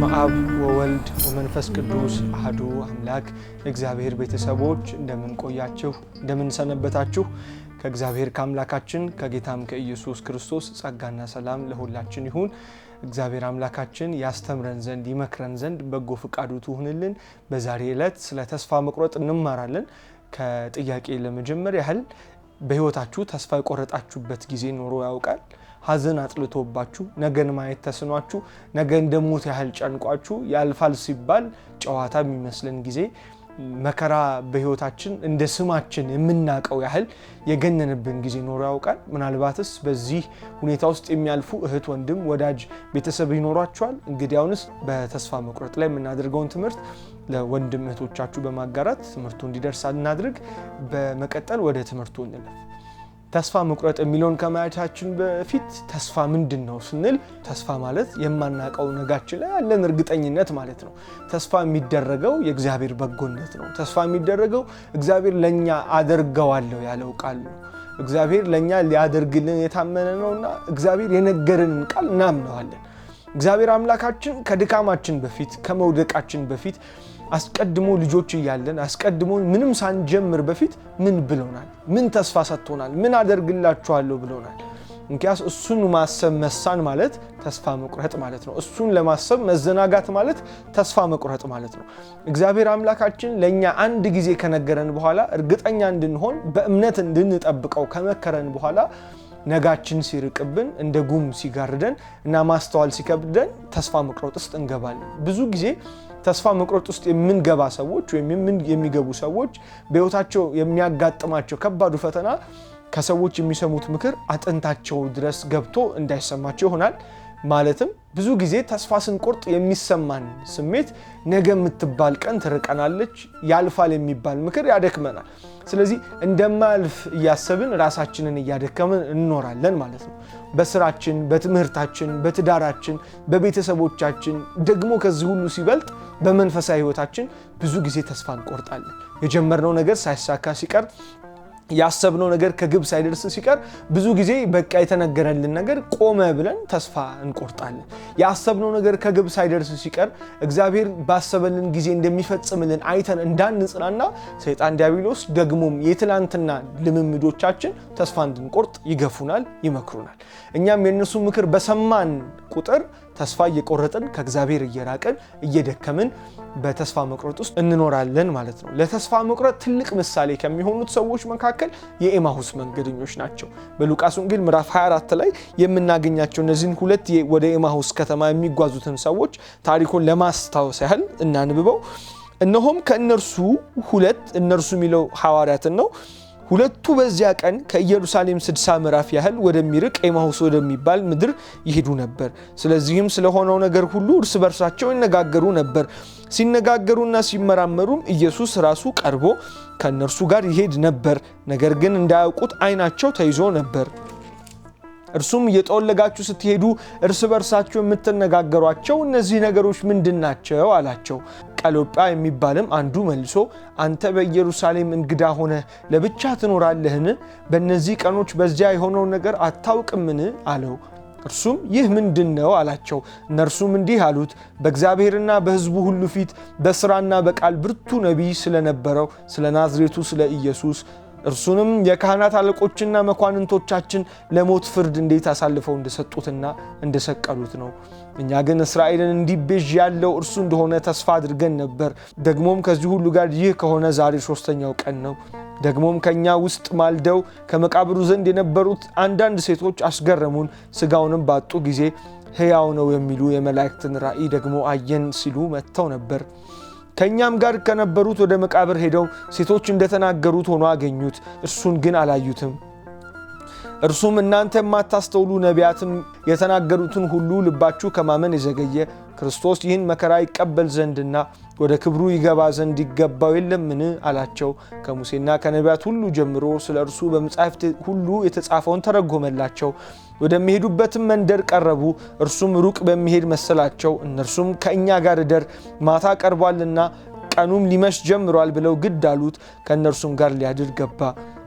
በስመ አብ ወወልድ ወመንፈስ ቅዱስ አህዱ አምላክ። እግዚአብሔር ቤተሰቦች እንደምንቆያችሁ እንደምንሰነበታችሁ፣ ከእግዚአብሔር ከአምላካችን ከጌታም ከኢየሱስ ክርስቶስ ጸጋና ሰላም ለሁላችን ይሁን። እግዚአብሔር አምላካችን ያስተምረን ዘንድ ይመክረን ዘንድ በጎ ፍቃዱ ትሁንልን። በዛሬ ዕለት ስለ ተስፋ መቁረጥ እንማራለን። ከጥያቄ ለመጀመር ያህል በሕይወታችሁ ተስፋ የቆረጣችሁበት ጊዜ ኖሮ ያውቃል? ሀዘን አጥልቶባችሁ ነገን ማየት ተስኗችሁ ነገ እንደ ሞት ያህል ጨንቋችሁ ያልፋል ሲባል ጨዋታ የሚመስለን ጊዜ መከራ በህይወታችን እንደ ስማችን የምናቀው ያህል የገነንብን ጊዜ ኖሮ ያውቃል? ምናልባትስ በዚህ ሁኔታ ውስጥ የሚያልፉ እህት፣ ወንድም፣ ወዳጅ፣ ቤተሰብ ይኖሯቸዋል። እንግዲያውንስ በተስፋ መቁረጥ ላይ የምናደርገውን ትምህርት ለወንድም እህቶቻችሁ በማጋራት ትምህርቱ እንዲደርስ እናድርግ። በመቀጠል ወደ ትምህርቱ እንለፍ። ተስፋ መቁረጥ የሚለውን ከማየታችን በፊት ተስፋ ምንድን ነው ስንል ተስፋ ማለት የማናቀው ነጋችን ላይ ያለን እርግጠኝነት ማለት ነው። ተስፋ የሚደረገው የእግዚአብሔር በጎነት ነው። ተስፋ የሚደረገው እግዚአብሔር ለእኛ አደርገዋለሁ ያለው ቃል ነው። እግዚአብሔር ለእኛ ሊያደርግልን የታመነ ነውና እግዚአብሔር የነገረንን ቃል እናምነዋለን። እግዚአብሔር አምላካችን ከድካማችን በፊት ከመውደቃችን በፊት አስቀድሞ ልጆች እያለን አስቀድሞ ምንም ሳንጀምር በፊት ምን ብሎናል? ምን ተስፋ ሰጥቶናል? ምን አደርግላችኋለሁ ብሎናል? እንኪያስ እሱን ማሰብ መሳን ማለት ተስፋ መቁረጥ ማለት ነው። እሱን ለማሰብ መዘናጋት ማለት ተስፋ መቁረጥ ማለት ነው። እግዚአብሔር አምላካችን ለእኛ አንድ ጊዜ ከነገረን በኋላ እርግጠኛ እንድንሆን በእምነት እንድንጠብቀው ከመከረን በኋላ ነጋችን ሲርቅብን እንደ ጉም ሲጋርደን እና ማስተዋል ሲከብደን ተስፋ መቁረጥ ውስጥ እንገባለን። ብዙ ጊዜ ተስፋ መቁረጥ ውስጥ የምንገባ ሰዎች ወይም የሚገቡ ሰዎች በህይወታቸው የሚያጋጥማቸው ከባዱ ፈተና ከሰዎች የሚሰሙት ምክር አጥንታቸው ድረስ ገብቶ እንዳይሰማቸው ይሆናል። ማለትም ብዙ ጊዜ ተስፋ ስንቆርጥ የሚሰማን ስሜት ነገ የምትባል ቀን ትርቀናለች፣ ያልፋል የሚባል ምክር ያደክመናል። ስለዚህ እንደማያልፍ እያሰብን ራሳችንን እያደከምን እንኖራለን ማለት ነው። በስራችን፣ በትምህርታችን፣ በትዳራችን፣ በቤተሰቦቻችን ደግሞ ከዚህ ሁሉ ሲበልጥ በመንፈሳዊ ሕይወታችን ብዙ ጊዜ ተስፋ እንቆርጣለን። የጀመርነው ነገር ሳይሳካ ሲቀር ያሰብነው ነገር ከግብ ሳይደርስ ሲቀር ብዙ ጊዜ በቃ የተነገረልን ነገር ቆመ ብለን ተስፋ እንቆርጣለን። ያሰብነው ነገር ከግብ ሳይደርስ ሲቀር እግዚአብሔር ባሰበልን ጊዜ እንደሚፈጽምልን አይተን እንዳንጽናና ሰይጣን ዲያብሎስ ደግሞም የትላንትና ልምምዶቻችን ተስፋ እንድንቆርጥ ይገፉናል፣ ይመክሩናል። እኛም የእነሱ ምክር በሰማን ቁጥር ተስፋ እየቆረጥን ከእግዚአብሔር እየራቅን እየደከምን በተስፋ መቁረጥ ውስጥ እንኖራለን ማለት ነው። ለተስፋ መቁረጥ ትልቅ ምሳሌ ከሚሆኑት ሰዎች መካከል የኤማሁስ መንገደኞች ናቸው። በሉቃስ ወንጌል ምዕራፍ 24 ላይ የምናገኛቸው እነዚህን ሁለት ወደ ኤማሁስ ከተማ የሚጓዙትን ሰዎች ታሪኩን ለማስታወስ ያህል እናንብበው። እነሆም ከእነርሱ ሁለት እነርሱ የሚለው ሐዋርያትን ነው ሁለቱ በዚያ ቀን ከኢየሩሳሌም ስድሳ ምዕራፍ ያህል ወደሚርቅ ኤማሁስ ወደሚባል ምድር ይሄዱ ነበር። ስለዚህም ስለሆነው ነገር ሁሉ እርስ በርሳቸው ይነጋገሩ ነበር። ሲነጋገሩና ሲመራመሩም ኢየሱስ ራሱ ቀርቦ ከእነርሱ ጋር ይሄድ ነበር። ነገር ግን እንዳያውቁት ዓይናቸው ተይዞ ነበር። እርሱም እየጠወለጋችሁ ስትሄዱ እርስ በርሳችሁ የምትነጋገሯቸው እነዚህ ነገሮች ምንድን ናቸው አላቸው። ቀሎጳ የሚባልም አንዱ መልሶ አንተ በኢየሩሳሌም እንግዳ ሆነ ለብቻ ትኖራለህን? በእነዚህ ቀኖች በዚያ የሆነው ነገር አታውቅምን? አለው። እርሱም ይህ ምንድን ነው አላቸው። እነርሱም እንዲህ አሉት፣ በእግዚአብሔርና በሕዝቡ ሁሉ ፊት በሥራና በቃል ብርቱ ነቢይ ስለነበረው ስለ ናዝሬቱ ስለ ኢየሱስ እርሱንም የካህናት አለቆችና መኳንንቶቻችን ለሞት ፍርድ እንዴት አሳልፈው እንደሰጡትና እንደሰቀሉት ነው። እኛ ግን እስራኤልን እንዲቤዥ ያለው እርሱ እንደሆነ ተስፋ አድርገን ነበር። ደግሞም ከዚህ ሁሉ ጋር ይህ ከሆነ ዛሬ ሶስተኛው ቀን ነው። ደግሞም ከእኛ ውስጥ ማልደው ከመቃብሩ ዘንድ የነበሩት አንዳንድ ሴቶች አስገረሙን። ስጋውንም ባጡ ጊዜ ሕያው ነው የሚሉ የመላእክትን ራእይ ደግሞ አየን ሲሉ መጥተው ነበር። ከእኛም ጋር ከነበሩት ወደ መቃብር ሄደው ሴቶች እንደተናገሩት ሆኖ አገኙት፣ እርሱን ግን አላዩትም። እርሱም እናንተ የማታስተውሉ ነቢያትም የተናገሩትን ሁሉ ልባችሁ ከማመን የዘገየ ክርስቶስ ይህን መከራ ይቀበል ዘንድና ወደ ክብሩ ይገባ ዘንድ ይገባው የለምን? አላቸው። ከሙሴና ከነቢያት ሁሉ ጀምሮ ስለ እርሱ በመጻሕፍት ሁሉ የተጻፈውን ተረጎመላቸው። ወደሚሄዱበትም መንደር ቀረቡ። እርሱም ሩቅ በሚሄድ መሰላቸው። እነርሱም ከእኛ ጋር እደር፣ ማታ ቀርቧልና ቀኑም ሊመሽ ጀምሯል ብለው ግድ አሉት። ከእነርሱም ጋር ሊያድር ገባ።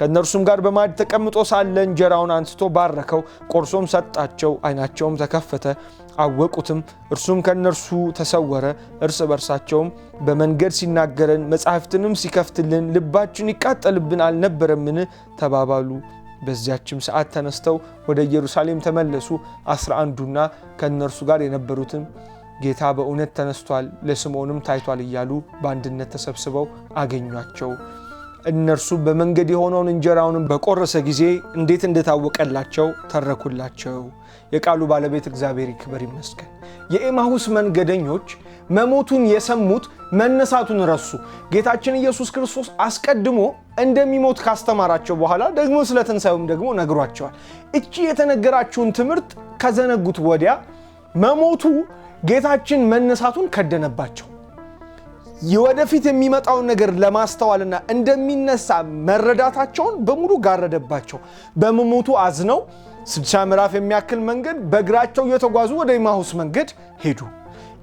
ከእነርሱም ጋር በማድ ተቀምጦ ሳለ እንጀራውን አንስቶ ባረከው፣ ቆርሶም ሰጣቸው። ዓይናቸውም ተከፈተ፣ አወቁትም። እርሱም ከእነርሱ ተሰወረ። እርስ በርሳቸውም በመንገድ ሲናገረን መጻሕፍትንም ሲከፍትልን ልባችን ይቃጠልብን አልነበረምን? ተባባሉ። በዚያችም ሰዓት ተነስተው ወደ ኢየሩሳሌም ተመለሱ። አስራ አንዱና ከእነርሱ ጋር የነበሩትም ጌታ በእውነት ተነስቷል፣ ለስምዖንም ታይቷል እያሉ በአንድነት ተሰብስበው አገኟቸው። እነርሱ በመንገድ የሆነውን እንጀራውንም በቆረሰ ጊዜ እንዴት እንደታወቀላቸው ተረኩላቸው። የቃሉ ባለቤት እግዚአብሔር ይክበር ይመስገን። የኤማሁስ መንገደኞች መሞቱን የሰሙት መነሳቱን ረሱ። ጌታችን ኢየሱስ ክርስቶስ አስቀድሞ እንደሚሞት ካስተማራቸው በኋላ ደግሞ ስለ ትንሣኤውም ደግሞ ነግሯቸዋል። እቺ የተነገራችሁን ትምህርት ከዘነጉት ወዲያ መሞቱ ጌታችን መነሳቱን ከደነባቸው። ወደፊት የሚመጣውን ነገር ለማስተዋልና እንደሚነሳ መረዳታቸውን በሙሉ ጋረደባቸው። በመሞቱ አዝነው ስድሳ ምዕራፍ የሚያክል መንገድ በእግራቸው እየተጓዙ ወደ ኢማሁስ መንገድ ሄዱ።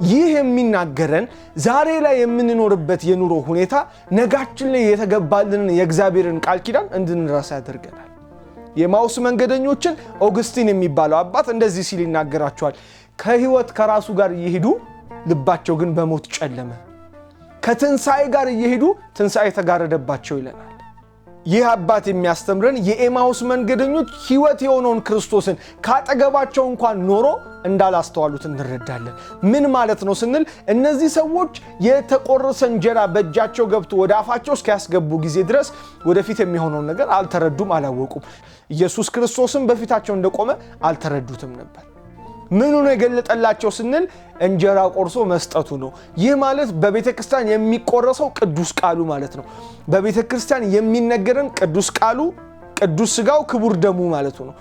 ይህ የሚናገረን ዛሬ ላይ የምንኖርበት የኑሮ ሁኔታ ነጋችን ላይ የተገባልንን የእግዚአብሔርን ቃል ኪዳን እንድንረሳ ያደርገናል። የማውስ መንገደኞችን ኦግስቲን የሚባለው አባት እንደዚህ ሲል ይናገራቸዋል። ከህይወት ከራሱ ጋር እየሄዱ ልባቸው ግን በሞት ጨለመ፣ ከትንሣኤ ጋር እየሄዱ ትንሣኤ ተጋረደባቸው ይለናል። ይህ አባት የሚያስተምረን የኤማውስ መንገደኞች ሕይወት የሆነውን ክርስቶስን ካጠገባቸው እንኳን ኖሮ እንዳላስተዋሉት እንረዳለን። ምን ማለት ነው ስንል እነዚህ ሰዎች የተቆረሰ እንጀራ በእጃቸው ገብቶ ወደ አፋቸው እስኪያስገቡ ጊዜ ድረስ ወደፊት የሚሆነውን ነገር አልተረዱም፣ አላወቁም። ኢየሱስ ክርስቶስም በፊታቸው እንደቆመ አልተረዱትም ነበር። ምኑ ነው የገለጠላቸው ስንል እንጀራ ቆርሶ መስጠቱ ነው። ይህ ማለት በቤተ ክርስቲያን የሚቆረሰው ቅዱስ ቃሉ ማለት ነው። በቤተ ክርስቲያን የሚነገረን ቅዱስ ቃሉ፣ ቅዱስ ስጋው፣ ክቡር ደሙ ማለቱ ነው።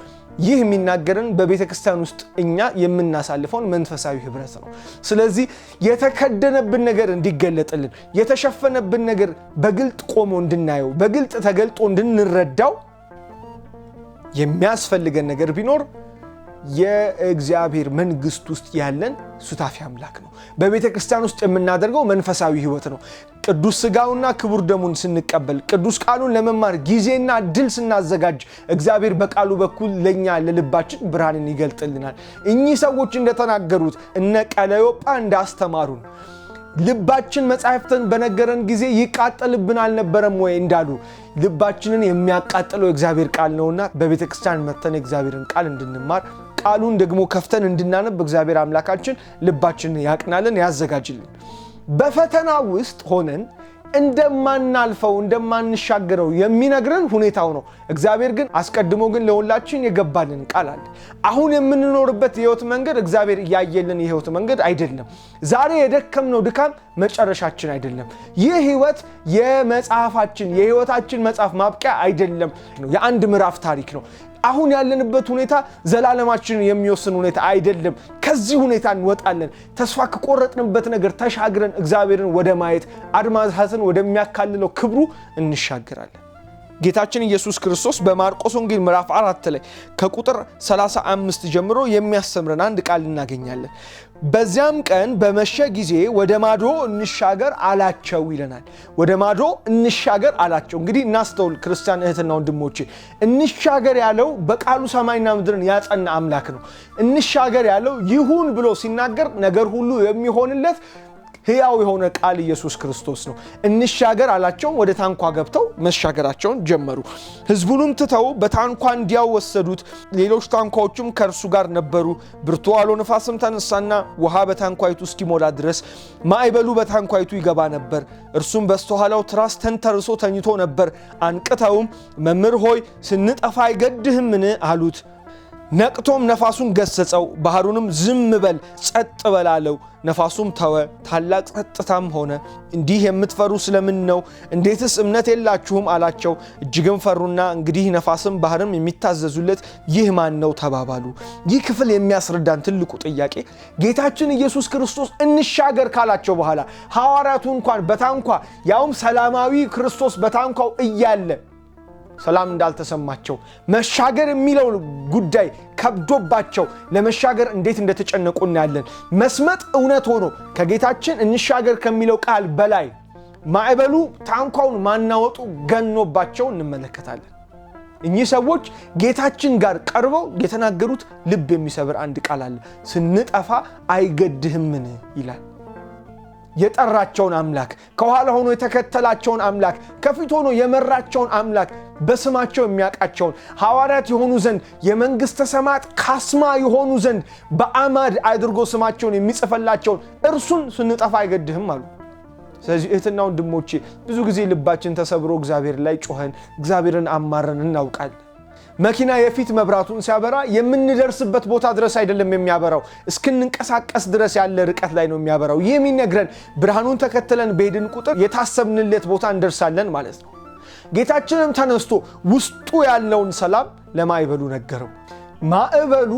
ይህ የሚናገረን በቤተ ክርስቲያን ውስጥ እኛ የምናሳልፈውን መንፈሳዊ ህብረት ነው። ስለዚህ የተከደነብን ነገር እንዲገለጥልን፣ የተሸፈነብን ነገር በግልጥ ቆሞ እንድናየው፣ በግልጥ ተገልጦ እንድንረዳው የሚያስፈልገን ነገር ቢኖር የእግዚአብሔር መንግስት ውስጥ ያለን ሱታፊ አምላክ ነው። በቤተ ክርስቲያን ውስጥ የምናደርገው መንፈሳዊ ህይወት ነው። ቅዱስ ስጋውና ክቡር ደሙን ስንቀበል፣ ቅዱስ ቃሉን ለመማር ጊዜና ድል ስናዘጋጅ፣ እግዚአብሔር በቃሉ በኩል ለእኛ ለልባችን ብርሃንን ይገልጥልናል። እኚህ ሰዎች እንደተናገሩት እነ ቀለዮጳ እንዳስተማሩን ልባችን መጽሐፍትን በነገረን ጊዜ ይቃጠልብን አልነበረም ወይ እንዳሉ ልባችንን የሚያቃጥለው እግዚአብሔር ቃል ነውና በቤተ ክርስቲያን መተን የእግዚአብሔርን ቃል እንድንማር ቃሉን ደግሞ ከፍተን እንድናነብ እግዚአብሔር አምላካችን ልባችንን ያቅናልን፣ ያዘጋጅልን። በፈተና ውስጥ ሆነን እንደማናልፈው እንደማንሻገረው የሚነግረን ሁኔታው ነው። እግዚአብሔር ግን አስቀድሞ ግን ለሁላችን የገባልን ቃል አለ። አሁን የምንኖርበት የህይወት መንገድ እግዚአብሔር እያየልን የህይወት መንገድ አይደለም። ዛሬ የደከምነው ድካም መጨረሻችን አይደለም። ይህ ህይወት የመጽሐፋችን የህይወታችን መጽሐፍ ማብቂያ አይደለም። የአንድ ምዕራፍ ታሪክ ነው። አሁን ያለንበት ሁኔታ ዘላለማችንን የሚወስን ሁኔታ አይደለም። ከዚህ ሁኔታ እንወጣለን። ተስፋ ከቆረጥንበት ነገር ተሻግረን እግዚአብሔርን ወደ ማየት አድማሳትን ወደሚያካልለው ክብሩ እንሻገራለን። ጌታችን ኢየሱስ ክርስቶስ በማርቆስ ወንጌል ምዕራፍ አራት ላይ ከቁጥር 35 ጀምሮ የሚያስተምረን አንድ ቃል እናገኛለን። በዚያም ቀን በመሸ ጊዜ ወደ ማዶ እንሻገር አላቸው ይለናል። ወደ ማዶ እንሻገር አላቸው። እንግዲህ እናስተውል ክርስቲያን እህትና ወንድሞቼ፣ እንሻገር ያለው በቃሉ ሰማይና ምድርን ያጸና አምላክ ነው። እንሻገር ያለው ይሁን ብሎ ሲናገር ነገር ሁሉ የሚሆንለት ሕያው የሆነ ቃል ኢየሱስ ክርስቶስ ነው። እንሻገር አላቸው። ወደ ታንኳ ገብተው መሻገራቸውን ጀመሩ። ሕዝቡንም ትተው በታንኳ እንዲያው ወሰዱት። ሌሎች ታንኳዎችም ከእርሱ ጋር ነበሩ። ብርቱ አውሎ ነፋስም ተነሳና ውሃ በታንኳይቱ እስኪሞላ ድረስ ማዕበሉ በታንኳይቱ ይገባ ነበር። እርሱም በስተኋላው ትራስ ተንተርሶ ተኝቶ ነበር። አንቅተውም መምህር ሆይ ስንጠፋ አይገድህምን አሉት። ነቅቶም ነፋሱን ገሰጸው፣ ባህሩንም ዝም በል ጸጥ በል አለው። ነፋሱም ተወ፣ ታላቅ ጸጥታም ሆነ። እንዲህ የምትፈሩ ስለምን ነው? እንዴትስ እምነት የላችሁም አላቸው። እጅግም ፈሩና እንግዲህ ነፋስም ባህርም የሚታዘዙለት ይህ ማን ነው ተባባሉ። ይህ ክፍል የሚያስረዳን ትልቁ ጥያቄ ጌታችን ኢየሱስ ክርስቶስ እንሻገር ካላቸው በኋላ ሐዋርያቱ እንኳን በታንኳ ያውም ሰላማዊ ክርስቶስ በታንኳው እያለ ሰላም እንዳልተሰማቸው መሻገር የሚለው ጉዳይ ከብዶባቸው ለመሻገር እንዴት እንደተጨነቁ እናያለን። መስመጥ እውነት ሆኖ ከጌታችን እንሻገር ከሚለው ቃል በላይ ማዕበሉ ታንኳውን ማናወጡ ገኖባቸው እንመለከታለን። እኚህ ሰዎች ጌታችን ጋር ቀርበው የተናገሩት ልብ የሚሰብር አንድ ቃል አለ። ስንጠፋ አይገድህምን ይላል። የጠራቸውን አምላክ ከኋላ ሆኖ የተከተላቸውን አምላክ ከፊት ሆኖ የመራቸውን አምላክ በስማቸው የሚያውቃቸውን ሐዋርያት የሆኑ ዘንድ የመንግሥተ ሰማያት ካስማ የሆኑ ዘንድ በአማድ አድርጎ ስማቸውን የሚጽፈላቸውን እርሱን ስንጠፋ አይገድህም አሉ። ስለዚህ እህትና ወንድሞቼ ብዙ ጊዜ ልባችን ተሰብሮ እግዚአብሔር ላይ ጮኸን እግዚአብሔርን አማረን እናውቃል። መኪና የፊት መብራቱን ሲያበራ የምንደርስበት ቦታ ድረስ አይደለም የሚያበራው፣ እስክንንቀሳቀስ ድረስ ያለ ርቀት ላይ ነው የሚያበራው። ይህ የሚነግረን ብርሃኑን ተከትለን በሄድን ቁጥር የታሰብንለት ቦታ እንደርሳለን ማለት ነው። ጌታችንም ተነስቶ ውስጡ ያለውን ሰላም ለማዕበሉ ነገረው። ማዕበሉ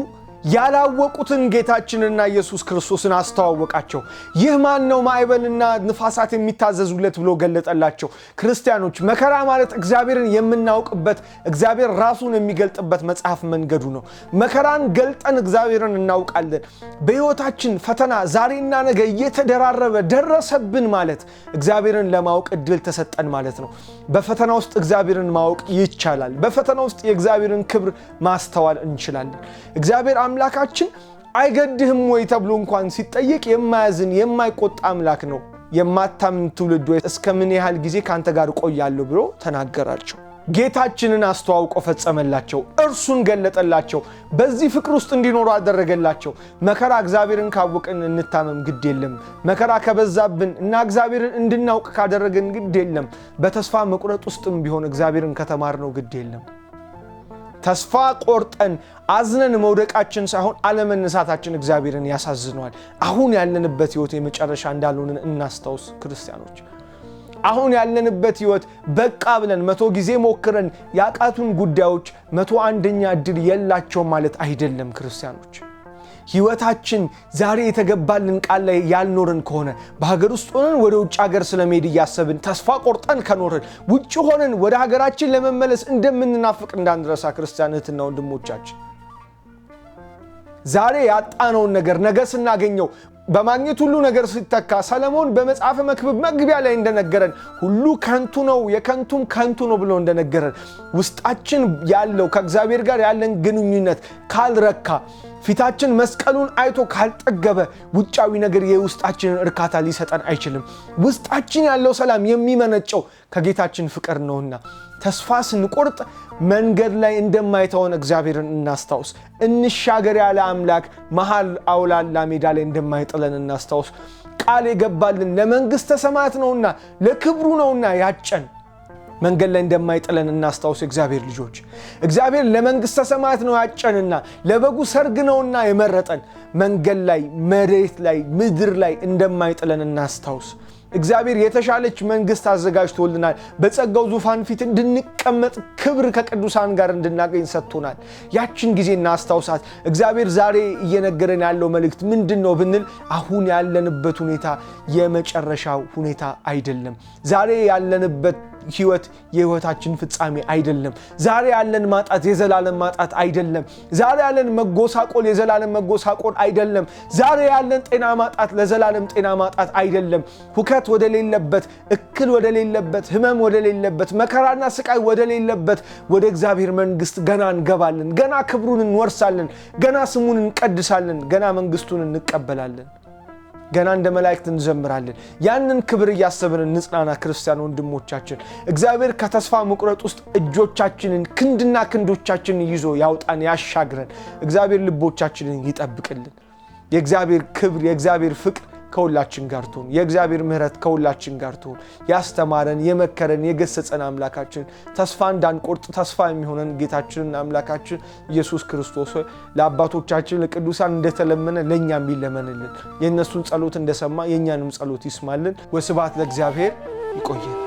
ያላወቁትን ጌታችንና ኢየሱስ ክርስቶስን አስተዋወቃቸው። ይህ ማን ነው? ማዕበልና ንፋሳት የሚታዘዙለት ብሎ ገለጠላቸው። ክርስቲያኖች፣ መከራ ማለት እግዚአብሔርን የምናውቅበት እግዚአብሔር ራሱን የሚገልጥበት መጽሐፍ መንገዱ ነው። መከራን ገልጠን እግዚአብሔርን እናውቃለን። በሕይወታችን ፈተና ዛሬና ነገ እየተደራረበ ደረሰብን ማለት እግዚአብሔርን ለማወቅ እድል ተሰጠን ማለት ነው። በፈተና ውስጥ እግዚአብሔርን ማወቅ ይቻላል። በፈተና ውስጥ የእግዚአብሔርን ክብር ማስተዋል እንችላለን። እግዚአብሔር አምላካችን አይገድህም ወይ ተብሎ እንኳን ሲጠየቅ የማያዝን የማይቆጣ አምላክ ነው። የማታምን ትውልድ ወይ እስከ ምን ያህል ጊዜ ከአንተ ጋር ቆያለሁ ብሎ ተናገራቸው። ጌታችንን አስተዋውቆ ፈጸመላቸው። እርሱን ገለጠላቸው። በዚህ ፍቅር ውስጥ እንዲኖሩ አደረገላቸው። መከራ እግዚአብሔርን ካወቅን እንታመም ግድ የለም። መከራ ከበዛብን እና እግዚአብሔርን እንድናውቅ ካደረገን ግድ የለም። በተስፋ መቁረጥ ውስጥም ቢሆን እግዚአብሔርን ከተማርነው ግድ የለም። ተስፋ ቆርጠን አዝነን መውደቃችን ሳይሆን አለመነሳታችን እግዚአብሔርን ያሳዝነዋል። አሁን ያለንበት ህይወት የመጨረሻ እንዳልሆንን እናስታውስ ክርስቲያኖች። አሁን ያለንበት ህይወት በቃ ብለን መቶ ጊዜ ሞክረን ያቃቱን ጉዳዮች መቶ አንደኛ እድል የላቸውም ማለት አይደለም ክርስቲያኖች። ህይወታችን ዛሬ የተገባልን ቃል ላይ ያልኖርን ከሆነ በሀገር ውስጥ ሆነን ወደ ውጭ ሀገር ስለመሄድ እያሰብን ተስፋ ቆርጠን ከኖርን ውጭ ሆነን ወደ ሀገራችን ለመመለስ እንደምንናፍቅ እንዳንረሳ ክርስቲያን እህትና ወንድሞቻችን ዛሬ ያጣነውን ነገር ነገ ስናገኘው በማግኘት ሁሉ ነገር ሲተካ ሰለሞን በመጽሐፈ መክብብ መግቢያ ላይ እንደነገረን ሁሉ ከንቱ ነው፣ የከንቱም ከንቱ ነው ብሎ እንደነገረን ውስጣችን ያለው ከእግዚአብሔር ጋር ያለን ግንኙነት ካልረካ ፊታችን መስቀሉን አይቶ ካልጠገበ ውጫዊ ነገር የውስጣችንን እርካታ ሊሰጠን አይችልም። ውስጣችን ያለው ሰላም የሚመነጨው ከጌታችን ፍቅር ነውና ተስፋ ስንቆርጥ መንገድ ላይ እንደማይተውን እግዚአብሔርን እናስታውስ። እንሻገር ያለ አምላክ መሃል አውላላ ሜዳ ላይ እንደማይጥለን እናስታውስ። ቃል የገባልን ለመንግሥተ ሰማያት ነውና ለክብሩ ነውና ያጨን መንገድ ላይ እንደማይጥለን እናስታውስ። እግዚአብሔር ልጆች እግዚአብሔር ለመንግሥተ ሰማያት ነው ያጨንና ለበጉ ሰርግ ነውና የመረጠን መንገድ ላይ መሬት ላይ ምድር ላይ እንደማይጥለን እናስታውስ። እግዚአብሔር የተሻለች መንግሥት አዘጋጅቶልናል። በጸጋው ዙፋን ፊት እንድንቀመጥ ክብር ከቅዱሳን ጋር እንድናገኝ ሰጥቶናል። ያችን ጊዜ እናስታውሳት። እግዚአብሔር ዛሬ እየነገረን ያለው መልእክት ምንድን ነው ብንል አሁን ያለንበት ሁኔታ የመጨረሻው ሁኔታ አይደለም። ዛሬ ያለንበት ህይወት የህይወታችን ፍጻሜ አይደለም። ዛሬ ያለን ማጣት የዘላለም ማጣት አይደለም። ዛሬ ያለን መጎሳቆል የዘላለም መጎሳቆል አይደለም። ዛሬ ያለን ጤና ማጣት ለዘላለም ጤና ማጣት አይደለም። ሁከት ወደሌለበት፣ እክል ወደሌለበት፣ ህመም ወደሌለበት፣ መከራና ስቃይ ወደሌለበት ወደ እግዚአብሔር መንግስት ገና እንገባለን። ገና ክብሩን እንወርሳለን። ገና ስሙን እንቀድሳለን። ገና መንግስቱን እንቀበላለን። ገና እንደ መላእክት እንዘምራለን። ያንን ክብር እያሰብን እንጽናና ክርስቲያን ወንድሞቻችን። እግዚአብሔር ከተስፋ መቁረጥ ውስጥ እጆቻችንን ክንድና ክንዶቻችንን ይዞ ያውጣን፣ ያሻግረን። እግዚአብሔር ልቦቻችንን ይጠብቅልን። የእግዚአብሔር ክብር የእግዚአብሔር ፍቅር ከሁላችን ጋር ትሁን። የእግዚአብሔር ምሕረት ከሁላችን ጋር ትሁን። ያስተማረን፣ የመከረን፣ የገሰጸን አምላካችን ተስፋ እንዳንቆርጥ ተስፋ የሚሆነን ጌታችንን አምላካችን ኢየሱስ ክርስቶስ ሆይ ለአባቶቻችን ለቅዱሳን እንደተለመነ ለእኛ የሚለመንልን የእነሱን ጸሎት እንደሰማ የእኛንም ጸሎት ይስማልን። ወስብሐት ለእግዚአብሔር። ይቆየን።